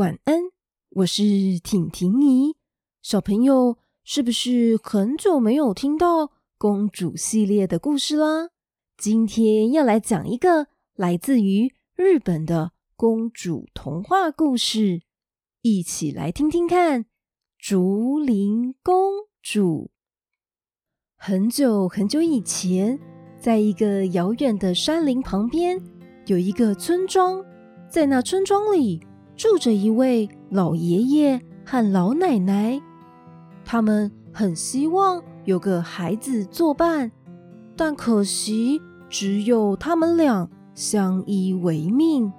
晚安，我是婷婷姨。小朋友，是不是很久沒有聽到公主系列的故事啦？今天要來講一個來自於日本的公主童話故事，一起來聽聽看。竹林公主。很久很久以前，在一個遙遠的山林旁邊，有一個村莊。在那村莊裡。住着一位老爺爺和老奶奶，他們很希望有個孩子作伴，但可惜只有他們倆相依為命。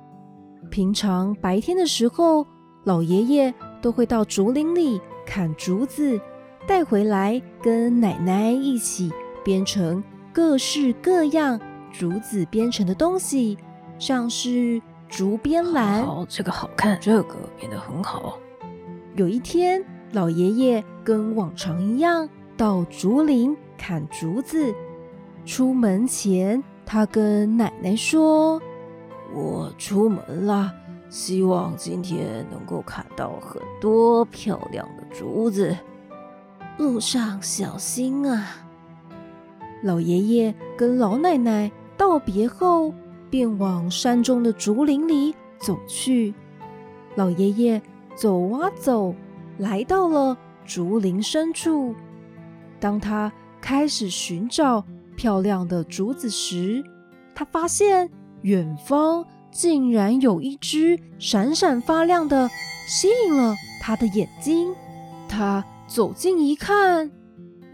平常白天的時候，老爺爺都會到竹林裡砍竹子，帶回來跟奶奶一起編成各式各樣竹子編成的東西，像是。竹編籃好，這個好看，這個編得很好。有一天，老爺爺跟往常一樣到竹林砍竹子。出門前，他跟奶奶說：“我出門了，希望今天能夠砍到很多漂亮的竹子。路上小心啊！”老爺爺跟老奶奶道別後。便往山中的竹林裡走去。老爺爺走啊走，來到了竹林深處。當他開始尋找漂亮的竹子時，他發現遠方竟然有一只閃閃發亮的，吸引了他的眼睛。他走近一看，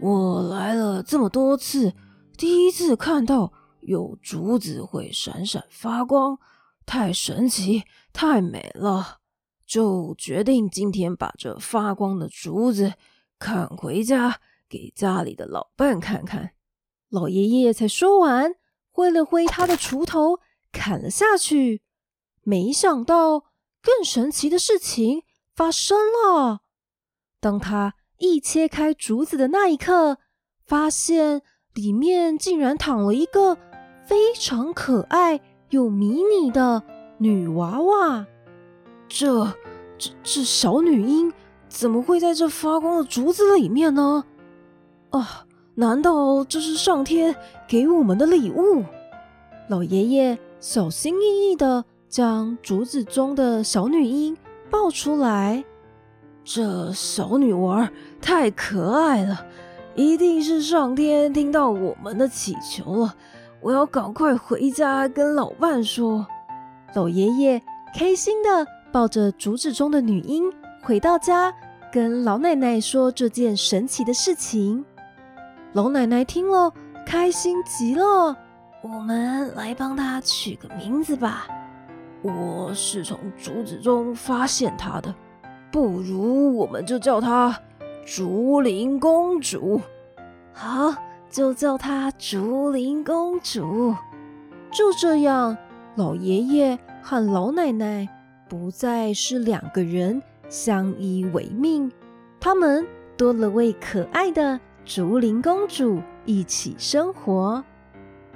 我來了這麼多次，第一次看到。有竹子會閃閃發光，太神奇，太美了，就決定今天把這發光的竹子砍回家，給家裡的老伴看看。老爺爺才說完，揮了揮他的鋤頭，砍了下去，沒想到更神奇的事情發生了。當他一切開竹子的那一刻，發現裡面竟然躺了一個。非常可愛又迷你的女娃娃，這這這小女嬰怎麼會在這發光的竹子裡面呢？啊，難道這是上天給我們的禮物？老爺爺小心翼翼地將竹子中的小女嬰抱出來，這小女娃太可愛了，一定是上天聽到我們的祈求了。我要趕快回家跟老伴說。老爺爺開心地抱着竹子中的女嬰回到家，跟老奶奶說這件神奇的事情。老奶奶聽了開心極了，我們來幫她取個名字吧。我是從竹子中發現她的，不如我們就叫她竹林公主。好。就叫她竹林公主。就這樣，老爺爺和老奶奶不再是兩個人相依為命，他們多了位可愛的竹林公主一起生活。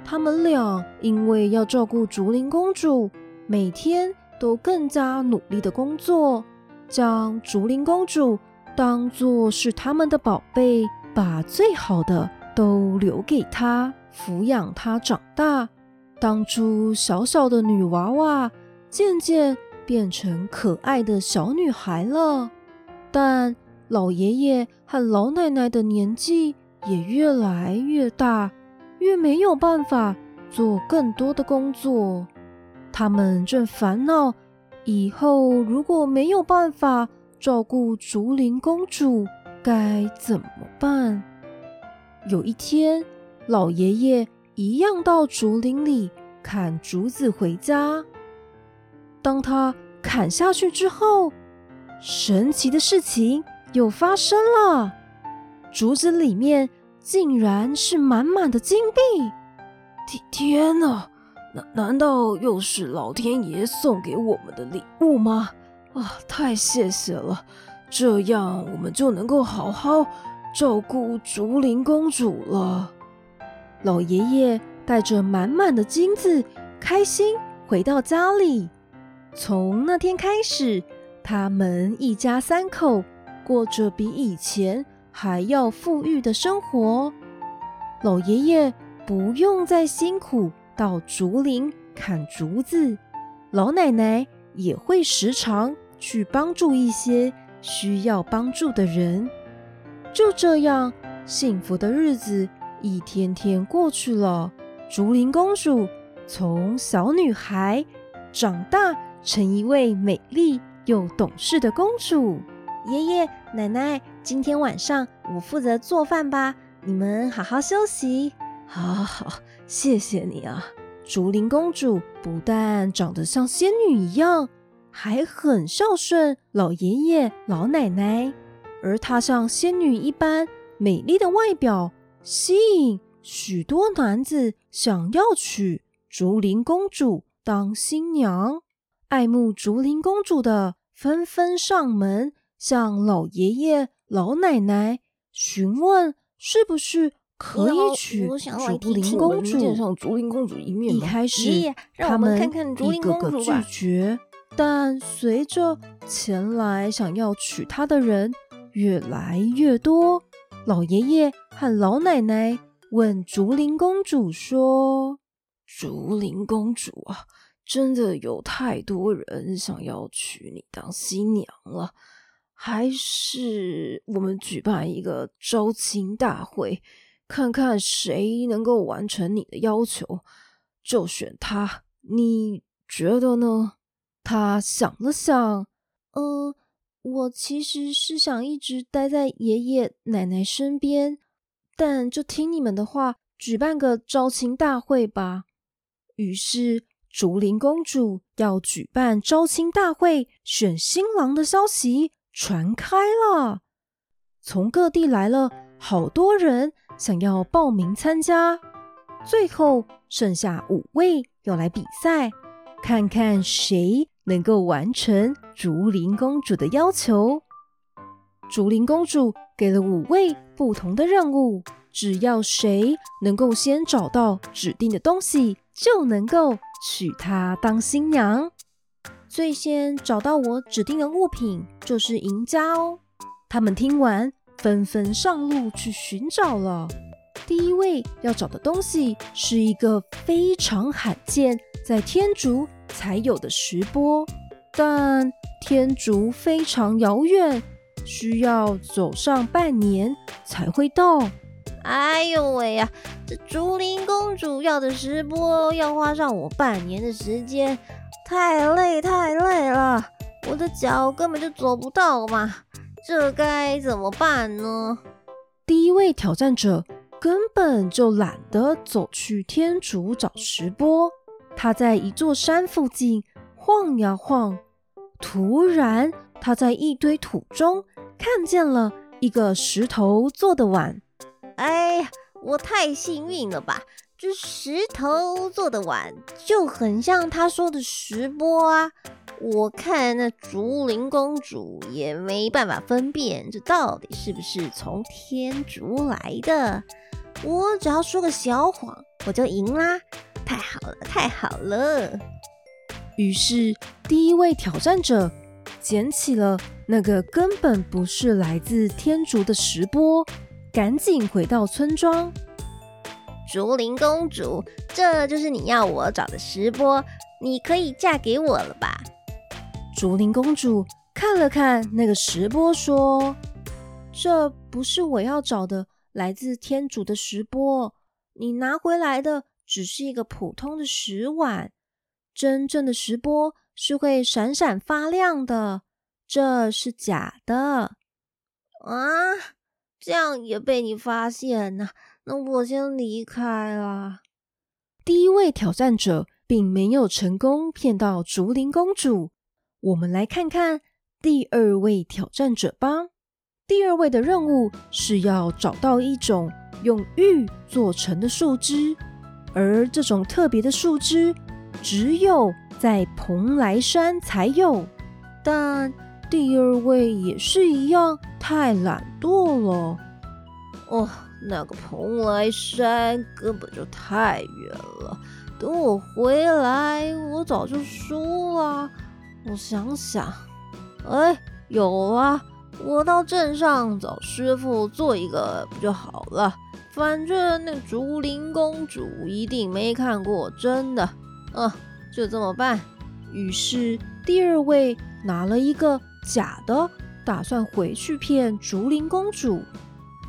他們倆因為要照顧竹林公主，每天都更加努力的工作，將竹林公主當做是他們的寶貝，把最好的都留給她，撫養她長大。當初小小的女娃娃漸漸變成可愛的小女孩了，但老爺爺和老奶奶的年紀也越來越大，越沒有辦法做更多的工作。他們正煩惱，以後如果沒有辦法照顧竹林公主，該怎麼辦？有一天，老爺爺一樣到竹林裡砍竹子回家。當他砍下去之後，神奇的事情又發生了：竹子裡面竟然是滿滿的金幣！天哪，啊，難難道又是老天爺送給我們的禮物嗎？啊，太謝謝了！這樣我們就能夠好好。照顧竹林公主了，老爺爺帶着滿滿的金子，開心回到家裡。從那天開始，他們一家三口過着比以前還要富裕的生活。老爺爺不用再辛苦到竹林砍竹子，老奶奶也會時常去幫助一些需要幫助的人。就這樣，幸福的日子一天天過去了。竹林公主從小女孩長大成一位美麗又懂事的公主。爺爺奶奶，今天晚上我負責做飯吧，你們好好休息。好好好，謝謝你啊！竹林公主不但長得像仙女一樣，還很孝順老爺爺老奶奶。而她像仙女一般美麗的外表，吸引許多男子想要娶竹林公主當新娘。愛慕竹林公主的紛紛上門，向老爺爺老奶奶詢問是不是可以娶竹林公主。見上竹林公主一面。一開始，們看看他們一個個拒絕，吧但隨着前來想要娶她的人。越來越多，老爺爺和老奶奶問竹林公主說：“竹林公主啊，真的有太多人想要娶你當新娘了，還是我們舉辦一個招親大會，看看誰能夠完成你的要求，就選她。你覺得呢？”她想了想，嗯。我其實是想一直待在爺爺奶奶身邊，但就聽你們的話，舉辦個招親大會吧。於是，竹林公主要舉辦招親大會選新郎的消息傳開了，從各地來了好多人想要報名參加，最後剩下五位要來比賽，看看誰，能夠完成竹林公主的要求。竹林公主給了五位不同的任務，只要誰能夠先找到指定的東西，就能夠娶她當新娘。最先找到我指定的物品就是贏家哦。他們聽完，紛紛上路去尋找了。第一位要找的東西是一個非常罕見。在天竺才有的石缽，但天竺非常遙遠，需要走上半年才會到。哎呦喂呀、啊，這竹林公主要的石缽要花上我半年的時間，太累太累了，我的腳根本就走不到嘛。這該怎麼辦呢？第一位挑戰者根本就懶得走去天竺找石缽。他在一座山附近晃呀晃，突然他在一堆土中看見了一個石頭做的碗。哎呀，我太幸運了吧！這石頭做的碗就很像他說的石缽啊。我看那竹林公主也沒辦法分辨，這到底是不是從天竺來的？我只要說個小謊，我就贏啦！太好了，太好了！於是第一位挑戰者撿起了那個根本不是來自天竺的石缽，趕緊回到村莊。竹林公主，這就是你要我找的石缽，你可以嫁給我了吧？竹林公主看了看那個石缽，說：“這不是我要找的。”來自天主的石鉢，你拿回來的只是一個普通的石碗。真正的石鉢是會閃閃發亮的，這是假的。啊！這樣也被你發現呢、啊？那我先離開了。第一位挑戰者並沒有成功騙到竹林公主，我們來看看第二位挑戰者吧。第二位的任務是要找到一種用玉做成的樹枝，而這種特別的樹枝只有在蓬萊山才有。但第二位也是一樣，太懶惰了。哦，那個蓬萊山根本就太遠了。等我回來，我早就輸了。我想想，哎、欸，有啊。我到鎮上找師傅做一個不就好了？反正那竹林公主一定沒看過真的。嗯，就這麼辦。於是第二位拿了一個假的，打算回去騙竹林公主。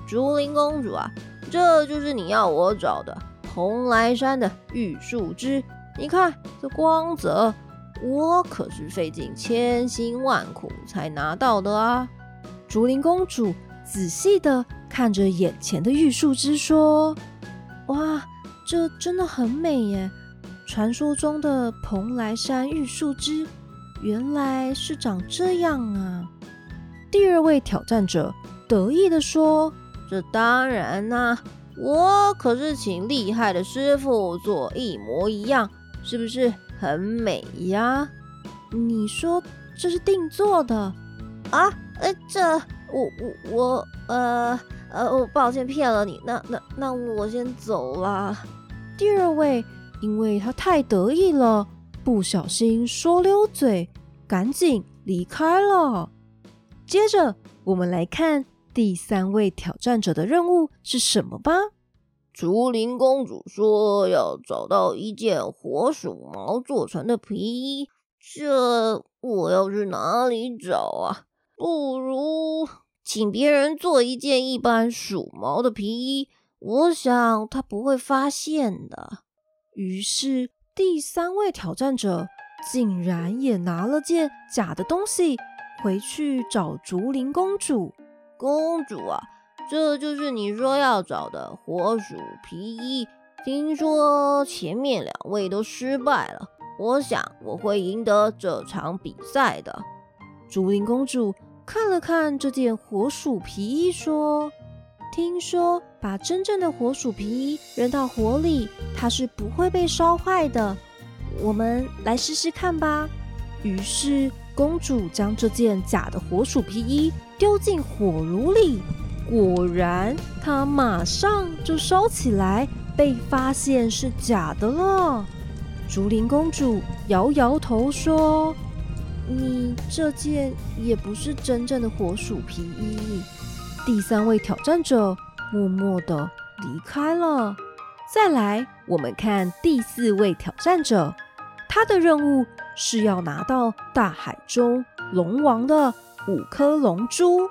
竹林公主啊，這就是你要我找的蓬萊山的玉樹枝。你看這光澤，我可是費盡千辛萬苦才拿到的啊！竹林公主仔細的看着眼前的玉樹枝，說：“哇，這真的很美耶！傳說中的蓬萊山玉樹枝，原來是長這樣啊！”第二位挑戰者得意的說：“這當然啊，我可是請厲害的師傅做一模一樣，是不是很美呀？你說這是定做的啊？”哎，這我我我呃呃，我抱歉騙了你，那那那我先走了。第二位，因為他太得意了，不小心說溜嘴，趕緊離開了。接着，我們來看第三位挑戰者的任務是什麼吧。竹林公主說要找到一件火鼠毛做成的皮衣，這我要去哪裡找啊？不如請別人做一件一般鼠毛的皮衣，我想他不會發現的。於是，第三位挑戰者竟然也拿了件假的東西回去找竹林公主。公主啊，這就是你說要找的火鼠皮衣。聽說前面兩位都失敗了，我想我會贏得這場比賽的。竹林公主。看了看這件火鼠皮衣，說：“聽說把真正的火鼠皮衣扔到火裡，它是不會被燒壞的。我們來試試看吧。”於是公主將這件假的火鼠皮衣丟進火爐裡，果然它馬上就燒起來，被發現是假的了。竹林公主搖搖頭說。你這件也不是真正的火鼠皮衣衣。第三位挑戰者默默地離開了。再來，我們看第四位挑戰者，他的任務是要拿到大海中龍王的五顆龍珠。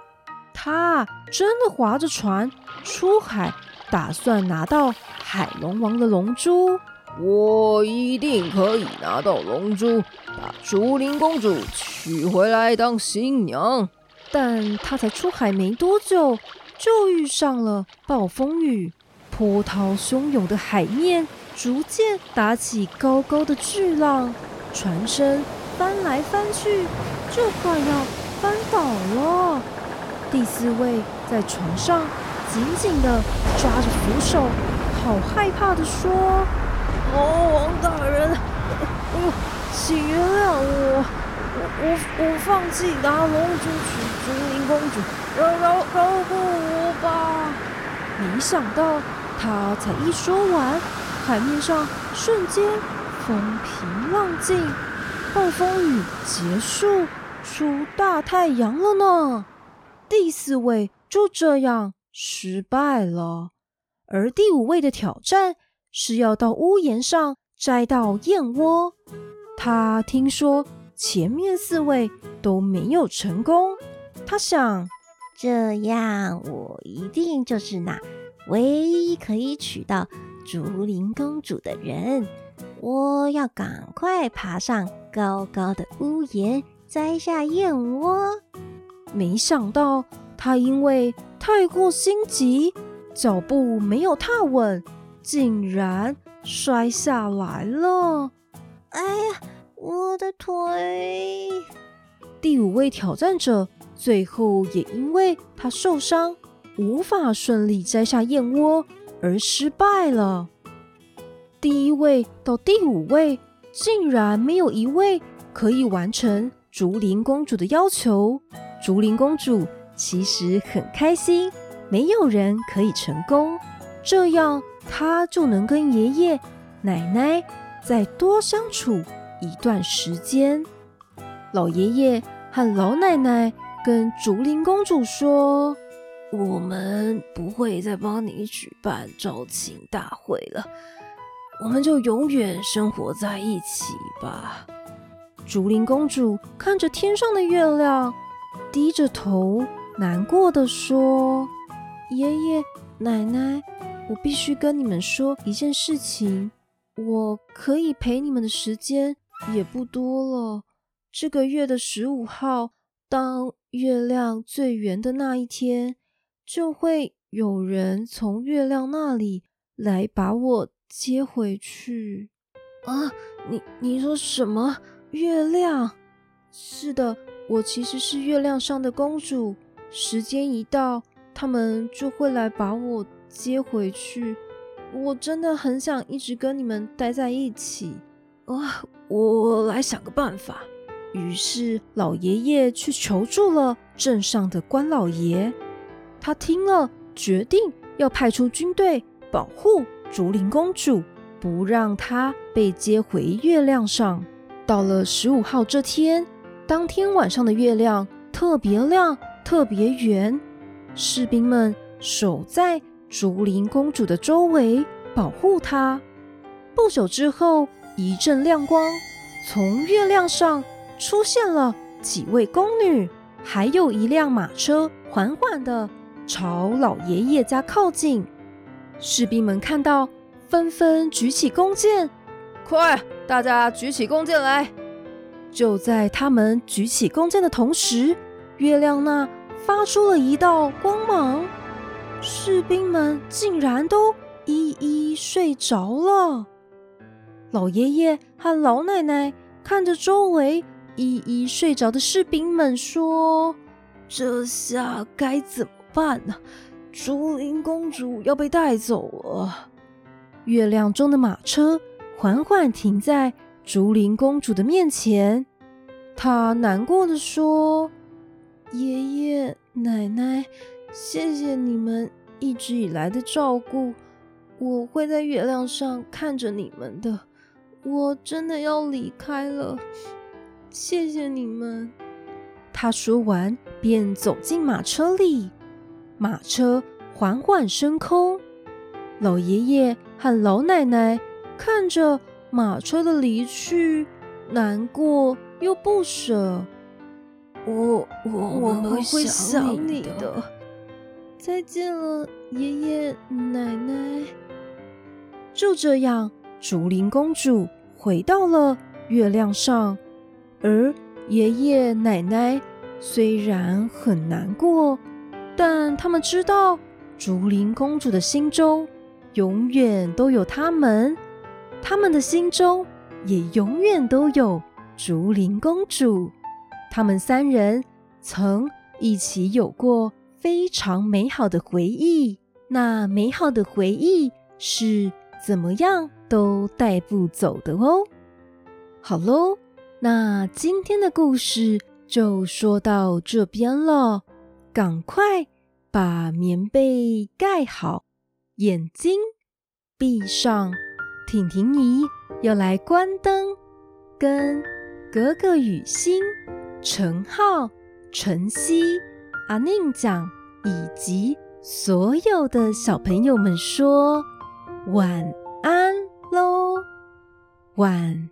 他真的划着船出海，打算拿到海龍王的龍珠。我一定可以拿到龍珠，把竹林公主娶回來當新娘。但他才出海沒多久，就遇上了暴風雨，波濤洶湧的海面逐漸打起高高的巨浪，船身翻來翻去，就快要翻倒了。第四位在船上緊緊地抓着扶手，好害怕地說。王大人，我請原諒我，我我我放棄拿龍珠娶竹林公主，饒饒饒過我吧！沒想到他才一說完，海面上瞬間風平浪靜，暴風雨結束，出大太陽了呢。第四位就這樣失敗了，而第五位的挑戰。是要到屋檐上摘到燕窩。他聽說前面四位都沒有成功，他想，這樣我一定就是那唯一可以娶到竹林公主的人。我要趕快爬上高高的屋檐，摘下燕窩。沒想到他因為太過心急，腳步沒有踏穩。竟然摔下來了！哎呀，我的腿！第五位挑戰者最後也因為他受傷，無法順利摘下燕窩而失敗了。第一位到第五位，竟然沒有一位可以完成竹林公主的要求。竹林公主其實很開心，沒有人可以成功，這樣。他就能跟爺爺、奶奶再多相處一段時間。老爺爺和老奶奶跟竹林公主說：“我們不會再幫你舉辦招親大會了，我們就永遠生活在一起吧。”竹林公主看着天上的月亮，低着頭，難過地說：“爺爺、奶奶。”我必須跟你們說一件事情，我可以陪你們的時間也不多了。這個月的十五號，當月亮最圓的那一天，就會有人從月亮那裡來把我接回去。啊，你你說什麼？月亮？是的，我其實是月亮上的公主。時間一到，他們就會來把我。接回去，我真的很想一直跟你們待在一起啊！Uh, 我來想個辦法。於是老爺爺去求助了鎮上的官老爺，他聽了決定要派出軍隊保護竹林公主，不讓她被接回月亮上。到了十五號這天，當天晚上的月亮特別亮，特別圓，士兵們守在。竹林公主的周圍保護她。不久之後，一陣亮光從月亮上出現了，幾位宮女，還有一輛馬車，緩緩地朝老爺爺家靠近。士兵們看到，紛紛舉起弓箭，快，大家舉起弓箭來！就在他們舉起弓箭的同時，月亮那發出了一道光芒。士兵們竟然都一一睡着了。老爺爺和老奶奶看着周圍一一睡着的士兵們，說：“這下該怎麼辦呢？竹林公主要被帶走了。”月亮中的馬車緩緩停在竹林公主的面前，她難過地說：“爺爺奶奶。”謝謝你們一直以來的照顧，我會在月亮上看着你們的。我真的要離開了，謝謝你們。他說完便走進馬車裡，馬車緩緩升空。老爺爺和老奶奶看着馬車的離去，難過又不舍。我我我們會想你的。再見了，爺爺奶奶。就這樣，竹林公主回到了月亮上，而爺爺奶奶雖然很難過，但他們知道竹林公主的心中永遠都有他們，他們的心中也永遠都有竹林公主。他們三人曾一起有過。非常美好的回憶，那美好的回憶是怎麼樣都帶不走的哦。好嘍，那今天的故事就說到這邊了。趕快把棉被蓋好，眼睛閉上。婷婷姨要來關燈，跟嗝嗝禹昕、宸皓、晨曦。阿甯醬，以及所有的小朋友們說晚安嘍，晚。